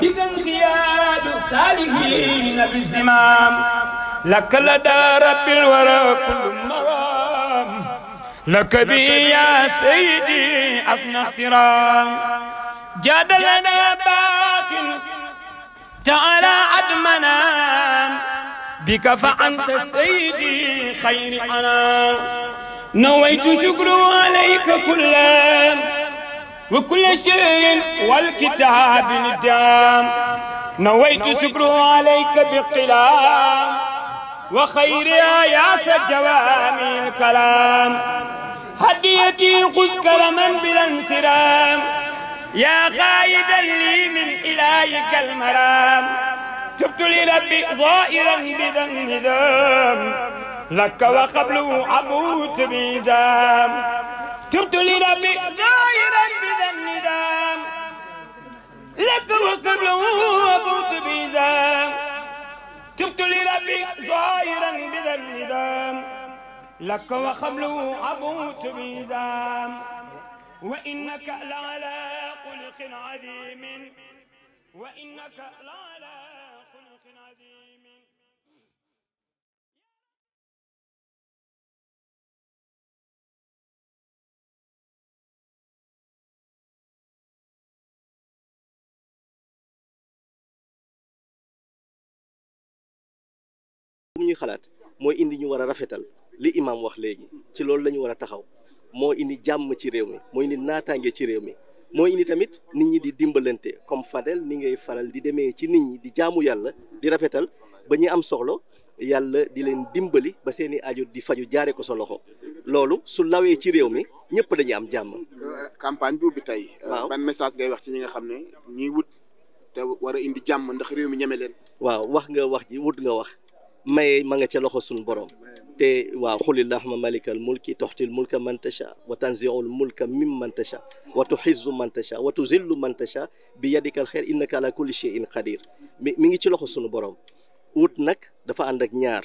بك انقياد الصالحين بالزمام لك لدى رب الورى كل مرام لك بي يا سيدي حسن احترام جاد لنا باق تعالى عدمنا بك فأنت سيدي خير أنا نويت شكر عليك كلام وكل شيء والكتاب ندام نويت شكره عليك بقلام وخيرها يا سجوامي الكلام هديتي خذ كرما بلا انسرام يا غايدا لي من إلهك المرام تبت لربي ظائرا بذنب ذنب لك وقبله عبوت بيزام تبت لربي ظائرا كنت لربي ظاهرا بذا النظام لك وخبله أبوت بنظام وإنك لعلى خلق عظيم وإنك لعلى خلق عظيم ñuy xalaat mooy indi ñu war a rafetal li imam wax léegi ci loolu la ñu war a taxaw moo indi jàmm ci réew mi moo indi naataange ci réew mi moo indi tamit nit ñi di dimbalante comme Fadel ni ngay faral di demee ci nit ñi di jaamu yàlla di rafetal ba ñuy am soxlo yàlla di leen dimbali ba seen i aajo di faju jaare ko sa loxo loolu su lawee ci réew mi ñëpp dañuy am jàmm. campagne bi tey. Euh, waaw ban message ngay wax ci ñi nga xam ne ñuy wut te war a indi jàmm ndax réew mi maye ma nga ca loxo suñu borom te waaw xulillahuma malikal mulki toxtil mulka man tasha wa tanziul mulka mim man tasha wa tuxizzu man tasha wa tuzillu man tasha bi yadikal xeer innaka ala kulli shay'in qadir mi mi ngi ci loxo suñu borom wut nag dafa ànd ak ñaar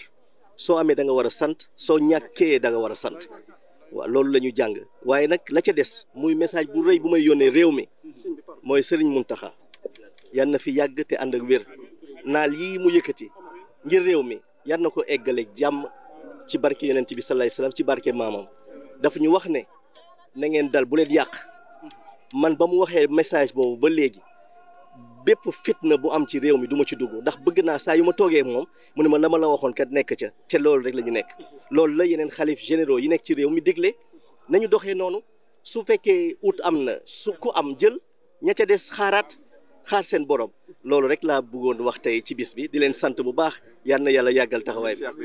soo amee danga war a sant soo ñàkkee da nga war a sant waaw loolu la ñu jàng waaye nag la ca des muy message bu rëy bu may yónnee réew mi mooy Serigne Mountakha yan na fi yàgg te ànd ak wér naal yii mu yëkkati réew mi yar na ko eggale jàmm ci barke yonent bi salaay salaam ci barke maamam dafa ñu wax ne na ngeen dal bu leen yàq man ba mu waxee message boobu ba léegi bépp fitna bu am ci réew mi duma ci dugg ndax bëgg naa saa yu ma toogee moom mu ne ma la ma la waxoon kat nekk ca te loolu rek la ñu nekk. loolu la yeneen xalif généro yi nekk ci réew mi digle nañu doxee noonu su fekkee ut am na su ku am jël ña ca des xaaraat. xaar seen borom loolu rek laa bëggoon wax tey ci bis bi di leen sant bu baax yal na yàlla yàggal taxawaay bi